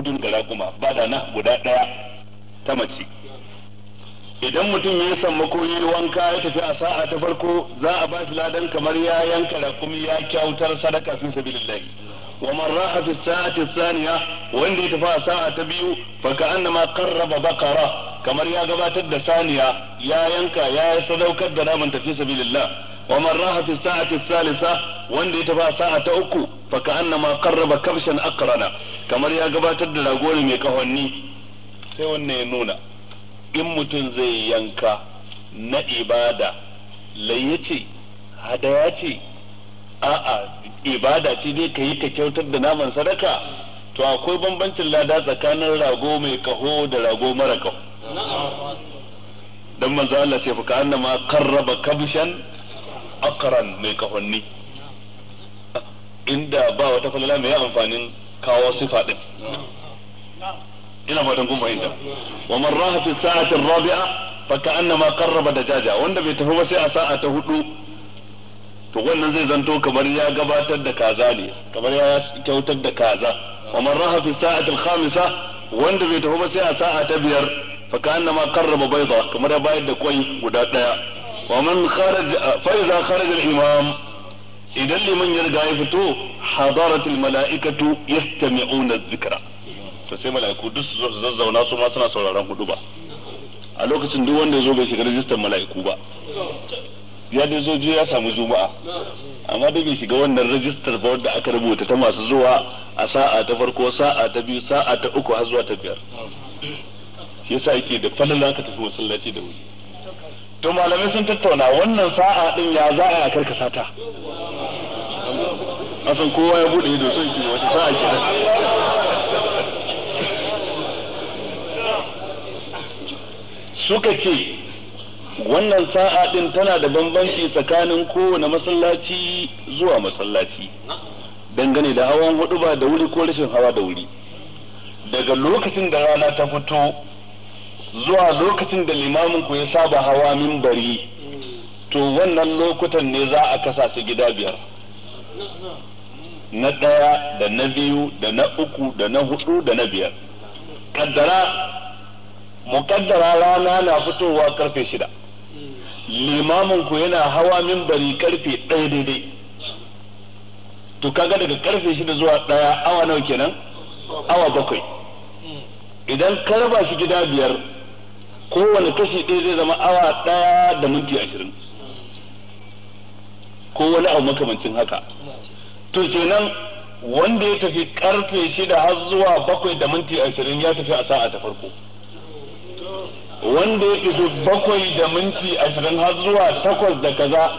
gudun da raguma ba da na guda ɗaya ta mace idan mutum ya samu ko yi wanka ya tafi a sa'a ta farko za a ba shi ladan kamar ya yanka rakumi ya kyautar sadaka fi sabilillahi wa man raha fi sa'ati thaniya wanda ya tafi a sa'a ta biyu fa ka'annama qarraba baqara kamar ya gabatar da saniya ya yanka ya sadaukar da naman tafi sabilillah wa man raha fi sa'ati thalitha wanda ya tafi a sa'a ta uku fa ka'annama qarraba kabshan aqrana kamar ya gabatar da rago ne mai kahonni sai wannan ya nuna in mutum zai yanka na ibada layya ce hadaya ce a'a ibada ce dai ka yi ka kyautar da naman sadaka to akwai bambancin lada tsakanin rago mai kaho da rago mara kaho dan manzo Allah ce fa kana ma karraba kabshan akran mai kahonni inda ba wata falala mai amfanin kawo sifa din ina fatan kuma fahimta wa marraha fi sa'ati rabi'a fa ka'annama qarraba dajaja wanda bai tafi ba sai a sa'a ta hudu to wannan zai zanto kamar ya gabatar da kaza ne kamar ya kyautar da kaza wa marraha fi sa'ati khamisa wanda bai tafi ba sai a sa'a ta biyar fa ka'annama qarraba bayda kamar ya bayar da kwai guda daya wa man kharaja fa iza kharaja al-imam idan liman ya riga ya fito hadaratul mala'ikatu yastami'una dhikra to sai mala'iku duk su zo su zazzauna su ma suna sauraron hudu ba a lokacin duk wanda ya zo bai shiga rajistar mala'iku ba ya dai zo ya samu juma'a amma dai bai shiga wannan rajistar ba wanda aka rubuta ta masu zuwa a sa'a ta farko sa'a ta biyu sa'a ta uku har zuwa ta biyar shi yasa yake da falala ka tafi masallaci da wuri to malamai sun tattauna wannan sa'a din ya za a karkasa ta asan kowa ya bude ido sai ke wata sa'a ke suka ce wannan sa'a din tana da bambanci tsakanin kowane masallaci zuwa masallaci dangane da hawan hudu ba da wuri ko rashin hawa da wuri daga lokacin da rana ta fito zuwa lokacin da limamin ku ya saba hawa mimbari to wannan lokutan ne za a kasa su gida biyar na ɗaya da na biyu da na uku da na hudu da na biyar kaddara mukaddara rana na fitowa karfe shida limamin ku yana hawa min bari karfe ɗaya daidai to kaga daga karfe shida zuwa ɗaya awa nawa kenan awa bakwai idan ka raba shi gida biyar kowane kashi ɗaya zai zama awa ɗaya da minti ashirin ko wani abu makamancin haka to kenan wanda ya tafi karfe shida har zuwa bakwai da minti ashirin ya tafi a sa'a ta farko wanda ya tafi bakwai da minti ashirin har zuwa takwas da kaza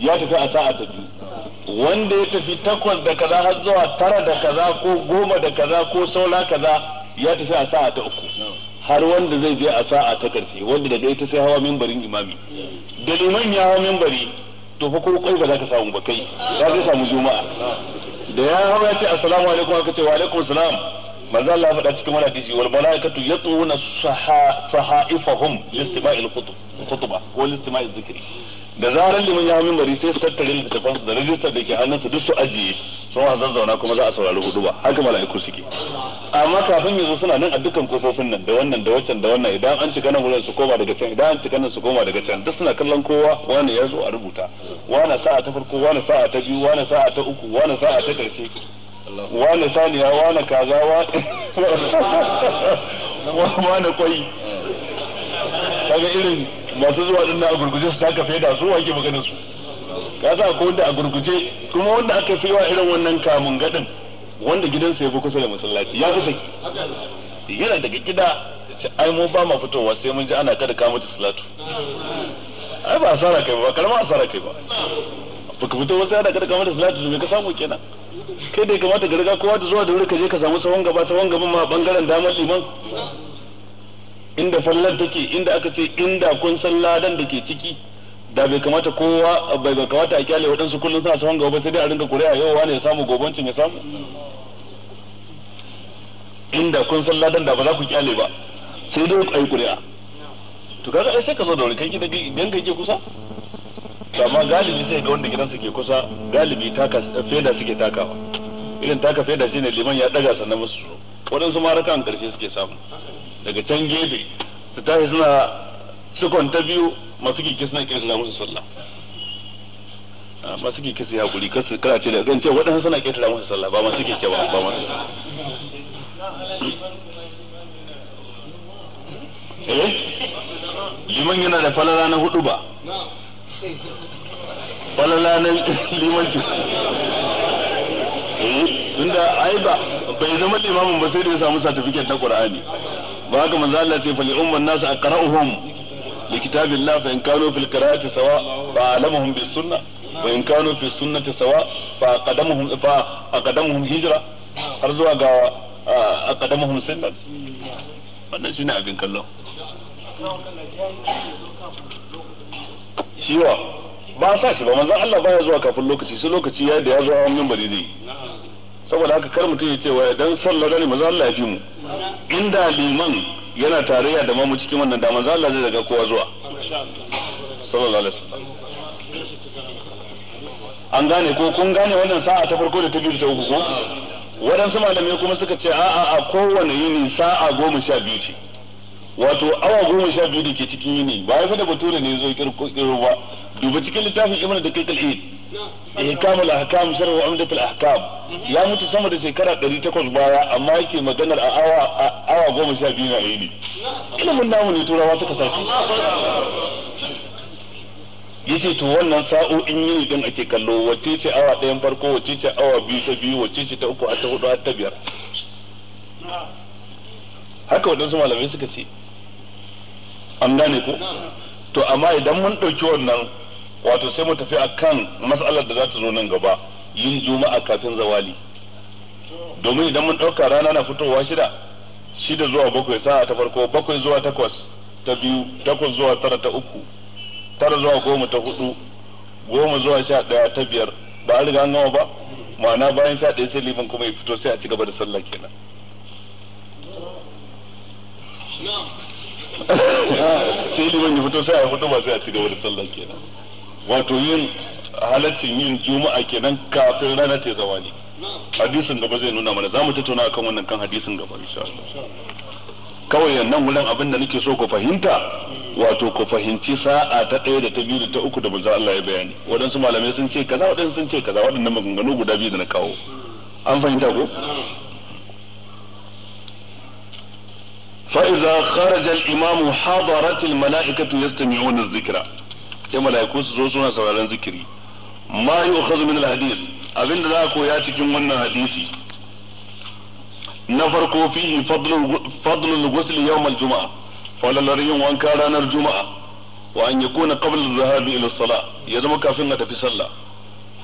ya tafi a sa'a ta biyu wanda ya tafi takwas da kaza har zuwa tara da kaza ko goma da kaza ko saula kaza ya tafi a sa'a ta uku har wanda zai je a sa'a ta ƙarshe wanda daga ita sai hawa mimbarin imami da liman ya hawa mimbari to fa ko kai ba za ka samu ba kai za ka samu juma'a da ya hau ya ce assalamu alaikum aka ce wa alaikum salam manzo Allah faɗa cikin wani hadisi wal malaikatu yatuna sahaifahum listima'il khutba ko listima'il zikri da zaran liman ya hamin bari sai su tattare littafansu da rajistar da ke hannunsu duk su ajiye sun a zazzauna kuma za a saurari hudu ba haka mala'iku suke amma kafin yanzu suna nan a dukkan kofofin nan da wannan da wancan da wannan idan an cika nan wurin su koma daga can idan an cika nan su koma daga can duk suna kallon kowa wani ya zo a rubuta wani sa'a ta farko wani sa'a ta biyu wani sa'a ta uku wani sa'a ta karshe wani saniya wani kaza wani kwai kaga irin masu zuwa din na gurguje su taka da su wake maganin su ka sa ko wanda a gurguje kuma wanda aka fi yawa irin wannan kamun gadin wanda gidansa ya fi kusa da masallaci ya fi saki yana daga gida ai mu ba ma fitowa sai mun ji ana kada ka mutu salatu ai ba asara kai ba karama asara kai ba baka fito wasu ana kada ka mutu salatu me ka samu kenan kai da kamata ka riga kowa da zuwa da wuri ka je ka samu sawan gaba sawan gaban ma bangaren damar liman inda fallar take inda aka ce inda kun san ladan da ke ciki da bai kamata kowa bai ga kamata a kyale waɗansu kullum suna saman gaba sai dai a rinka kuri'a yau wani ya samu gobancin ya samu inda kun san ladan da ba za ku kyale ba sai dai ku yi kuri'a to kaga ai sai ka zo da wani kai gidan idan kai ke kusa to amma galibi sai ga wanda gidansu ke kusa galibi taka feda suke takawa irin taka feda shine liman ya daga sannan musu waɗansu ma raka karshe suke samu daga can gefe su tashi suna sukan ta biyu masu kikis na kirkira musu sallah ah, masu kikis ya guri kasu kana ce da zan ce waɗansu suna kirkira musu sallah ba masu kike ba ba masu eh liman yana da falala na hudu ba falala na limanci eh, tunda ai ba bai zama limamin ba sai da ya samu certificate na Qur'ani ba haka manzo Allah ce fali umman nasu aqra'uhum Likita kitabillah fa in kanu fil qira'ati sawa fa alamuhum bis sunnah wa in kanu fi sunnati sawa fa har zuwa ga aqdamuhum wannan abin kallo ba sa shi ba manzon Allah baya zuwa kafin lokaci sai lokaci ya da ya zo hawan minbari dai saboda haka kar mutum ya ce wa dan sallah ne manzon Allah ya fi mu inda liman yana tarayya da mamu cikin wannan da manzo Allah zai daga kowa zuwa sallallahu alaihi wasallam an gane ko kun gane wannan sa'a ta farko da ta biyu da ta uku ko waɗansu malamai kuma suka ce a'a a kowane yini sa'a goma sha biyu ce wato awa goma sha biyu da ke cikin yini ba ya fi da bature ne zo kirkiro ba duba cikin littafin ibn da kai kal'id ihkamul eh, ahkam umdat al ahkam ya mutu sama da shekara 800 baya amma yake maganar a awa awa goma sha biyu na yini ilimin namu ne turawa suka sace yace to wannan sa'o'in yini din ake kallo wacce ce awa ɗayan farko wacce ce awa biyu ta biyu wacce ce ta uku a ta hudu a ta biyar haka waɗansu malamai suka ce an gane ko to amma idan mun ɗauki wannan wato sai mu tafi akan matsalar da za ta zo nan gaba yin juma'a kafin zawali domin idan mun ɗauka rana na fitowa shida shida zuwa bakwai sa'a ta farko bakwai zuwa takwas ta biyu takwas zuwa tara ta uku tara zuwa goma ta hudu goma zuwa sha ɗaya ta biyar ba a riga an gama ba ma'ana bayan sha ɗaya sai liman kuma ya fito sai a ci gaba da sallah kenan sai liman ya fito sai a fito ba sai a ci gaba da sallah kenan wato yin halaccin yin juma'a kenan kafin rana ta zawali hadisin gaba zai nuna mana za mu tattauna akan wannan kan hadisin gaba insha Allah kawai nan wurin abin da nake so ku fahimta wato ku fahimci sa'a ta ɗaya da ta biyu da ta uku da manzo Allah ya bayani waɗansu malamai sun ce kaza waɗansu sun ce kaza waɗannan maganganu guda biyu da na kawo an fahimta ko فإذا خرج الإمام Malaikatu الملائكة يستمعون الذكر sai mala'iku su zo suna sauraron zikiri ma yu'khadhu min al-hadith abinda za a koya cikin wannan hadisi na farko fihi al ghusl yawm al-jum'a falalar yin wanka ranar juma'a wa an yakuna qabl al-dhahab ila as-salah ya zama kafin a tafi sallah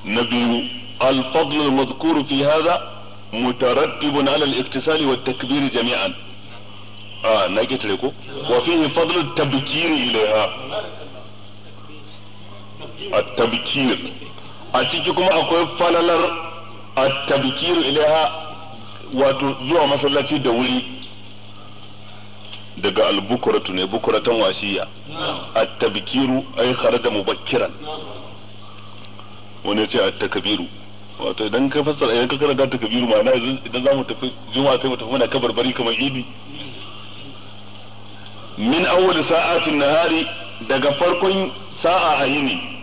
na biyu al-fadl al-madhkur fi hadha mutarattibun ala al-iktisal wa at-takbir jami'an ah na kitare ko wa fihi fadl at-tabkir ilayha at-tabkir a ciki kuma akwai falalar at-tabkir ilaha wato zuwa masallaci da wuri daga al-bukuratu ne bukuratan washiya at-tabkiru ay kharaja mubakkiran wani ya ce at-takbiru wato idan ka fassara idan ka karanta takbiru ma idan za mu tafi juma'a sai mu tafi muna kabarbari kamar idi min awwal sa'atin nahari daga farkon sa'a a yini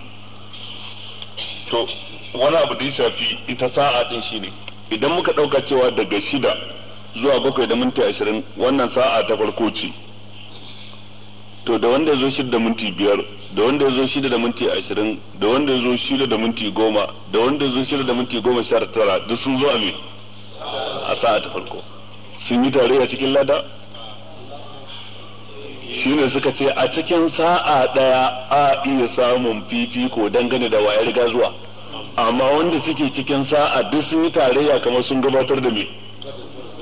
to wani abu da ya shafi ita sa'a din shine idan muka ɗauka cewa daga shida zuwa bakwai da minti ashirin wannan sa'a ta farko ce to da wanda ya zo shida da minti biyar da wanda ya zo shida da minti ashirin da wanda ya zo shida da minti goma da wanda ya zo shida da minti goma sha tara duk sun zo a me a sa'a ta farko sun yi tare a cikin lada shine suka ce a cikin sa'a ɗaya a iya samun fifiko dangane da wayar riga zuwa amma wanda suke cikin sa'a duk sun yi tarayya kamar sun gabatar da me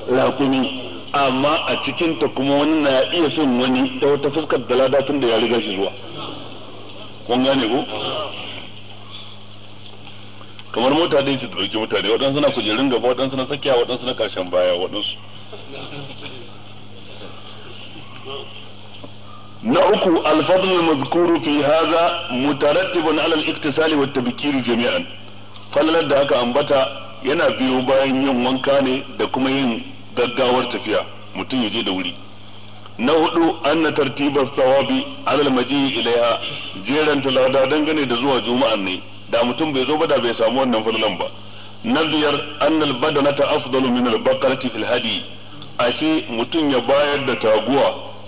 rakumi amma a cikin ta kuma wani na iya son wani ta wata fuskar da lada tun da ya riga shi zuwa kun gane ko kamar mota dai su dauki mutane waɗansu na kujerun gaba waɗansu na tsakiya waɗansu na kashin baya waɗansu na uku al mazkuru fi hadha mutarattibun ala al-iktisali wa tabkir jami'an falalar da aka ambata yana biyo bayan yin wanka ne da kuma yin gaggawar tafiya mutum yaje da wuri na hudu anna tartibar ala alal maji ilaiha jeran talada dangane da zuwa juma'an ne da mutum bai zo ba da bai samu wannan falalan ba na biyar anna ta afdalu min al-baqarati fil hadi ashe mutum ya bayar da taguwa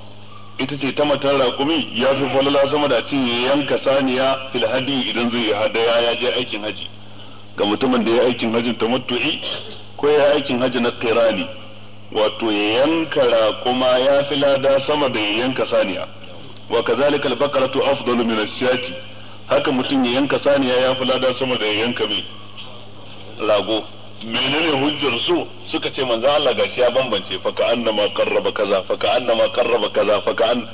ita ce ta matan raƙumi ya fi falala sama da ce yanka saniya hadi idan zai yi hadaya ya je aikin haji ga mutumin da ya aikin hajin tamattu'i ko ya aikin haji na qirani wato ya yanka raƙuma ya fi lada sama da ya yanka saniya wa kazalika al-baqaratu afdalu min haka mutum ya yanka saniya ya fi lada sama da ya yanka mai rago menene hujjar su suka ce manzo Allah gashi ya bambance fa ka annama qarraba kaza fa ka annama qarraba kaza fa ka an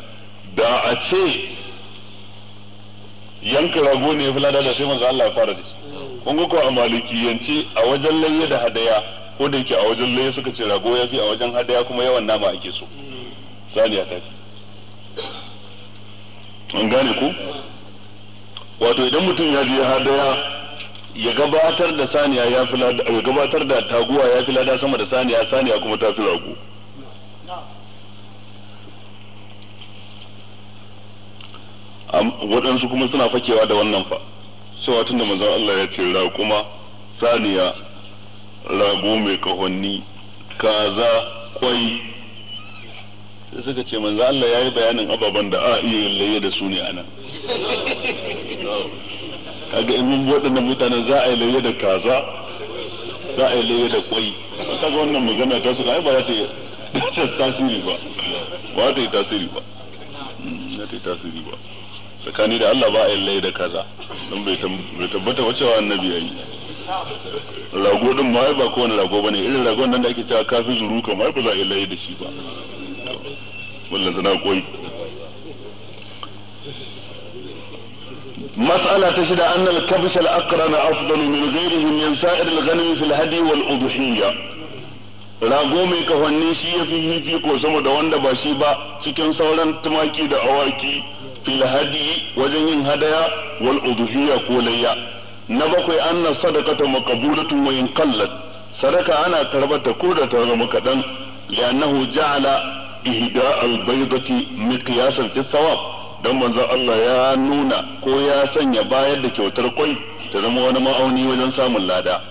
da a ce yanka rago ne fi lada da sai manzo Allah ya fara da kun ga ko a yanci a wajen laye da hadaya ko da yake a wajen laye suka ce rago ya fi a wajen hadaya kuma yawan nama ake so saniya ta fi an gane ku wato idan mutum ya je hadaya ya gabatar da saniya ya fi lada ya gabatar da taguwa ya fi lada sama da saniya saniya kuma ta fi rago waɗansu kuma suna fakewa da wannan fa cewa tunda manzon Allah ya ce ra kuma saniya rago mai kahonni kaza kwai sai suka ce manzon Allah ya yi bayanin ababen da a iya yin da su ne a nan kaga in mun waɗannan mutanen za a yi laye da kaza za a yi laye da kwai kaga wannan magana ta su ai ba za ta yi tasiri ba ba za ta yi tasiri ba hmm, za ta yi tasiri ba tsakani da Allah ba a yi laye da kaza don bai tabbata wace wa annabi yayi rago din ma ba kowane rago bane irin ragon nan da ake cewa kafin zuru kamar ba za a yi laye da shi ba wallan sana koi مسألة تجد أن الكبش الأقرن أفضل من غيره من سائر الغنم في الهدي والأضحية rago mai kafanni shi ya fi hifi ko sama da wanda ba shi ba cikin sauran tumaki da awaki fil hadi wajen yin hadaya wal udhiyya ko layya na bakwai anna sadaqatu maqbulatun wa in qallat sadaka ana karbata ko da ta zama kadan li'annahu ja'ala ihda al baydati miqyasan fi thawab don manzon Allah ya nuna ko ya sanya bayar da kyautar kwai ta zama wani ma'auni wajen samun lada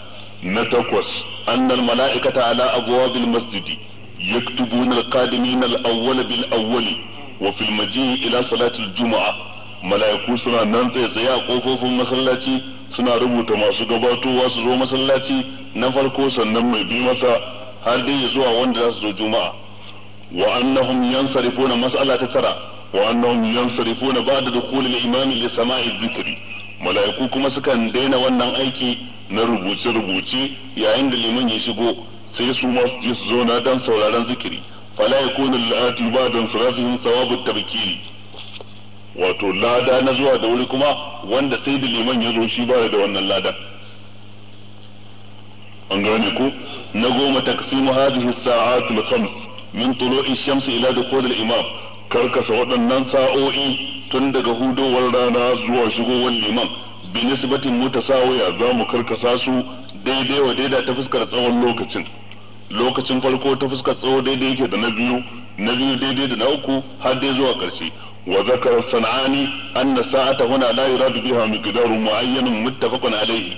na takwas annal mala'ikata ala bil masjidi yaktubuna alqadimin alawwal bil awwali wa fil maji'i ila salati Juma'a. mala'iku suna nan tsaye tsaye a kofofin masallaci suna rubuta masu gabatowa su zo masallaci na farko sannan mai bi masa har dai zuwa wanda za su zo juma'a wa annahum yansarifuna mas'alata tara وأنهم ينصرفون بعد دخول الإمام لسماع الذكر ملائكو كما سكن دينا وانا ايكي نربوتي ربوتي يا عند الإمام يشبو سيسو ما يسزونا دان سولاران ذكري فلا يكون الآتي بعد انصرافهم ثواب التبكير wato lada na zuwa da wuri kuma wanda sai da liman ya zo shi ba da wannan lada an gane ku na goma taqsimu hadhihi as karkasa waɗannan sa'o'i tun daga hudowar rana zuwa shigowar liman bi nisbatin mutasawiya za mu karkasa su daidai wa daida ta fuskar tsawon lokacin lokacin farko ta fuskar tsawo daidai yake da na biyu na biyu daidai da na uku har dai zuwa ƙarshe wa zakar sana'ani anna sa'ata huna la yuradu biha miqdarun mu'ayyanun muttafaqun alayhi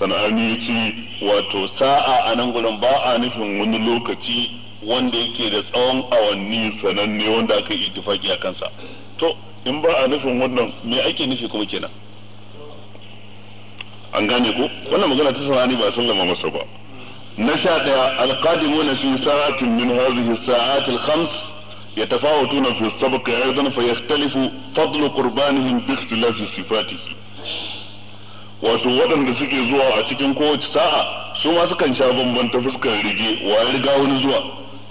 sana'ani ya wato sa'a a nan gurin ba a nufin wani lokaci wanda yake da tsawon awanni sananne wanda aka yi itifaki a kansa to in ba a nufin wannan me ake nufi kuma kenan an gane ko wannan magana ta sana'ani ba a sallama masa ba na sha ɗaya na fi sa'atin min sa'at al khams يتفاوتون في fa yakhtalifu fadlu qurbanihim bi ikhtilafi sifatihi wato waɗanda suke zuwa a cikin kowace sa'a su ma sukan sha bamban ta fuskar rige wa ya riga wani zuwa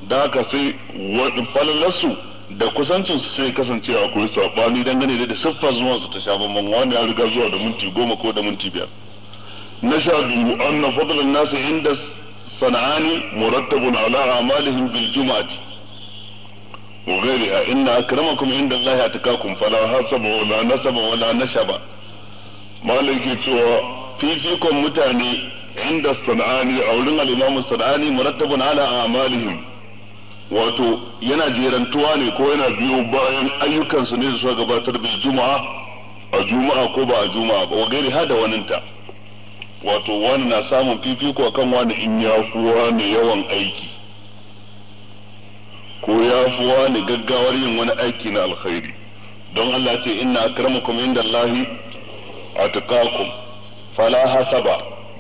da haka sai falalarsu da kusancin su sai kasance a kuri saɓani dangane da siffar zuwa su ta sha bamban wani ya riga zuwa da minti goma ko da minti biyar na sha biyu an na fadlan nasu inda sana'ani murattabun ala amalihim bil juma'ati وغيرها إن أكرمكم inda الله أتقاكم فلا حسب wala نسب ولا نشب malam ke cewa fifikon mutane inda sana'ani a wurin al'imamu sana'ani murattabun ala amalihim wato yana jerantuwa ne ko yana biyo bayan ayyukansu ne su gabatar da juma'a a juma'a ko ba a juma'a ba wagairi hada waninta wato wani na samun fifiko kan wani in ya fuwa ne yawan aiki ko ya fuwa ne gaggawar yin wani aiki na alkhairi don Allah ce inna akramakum indallahi atqakum fala hasaba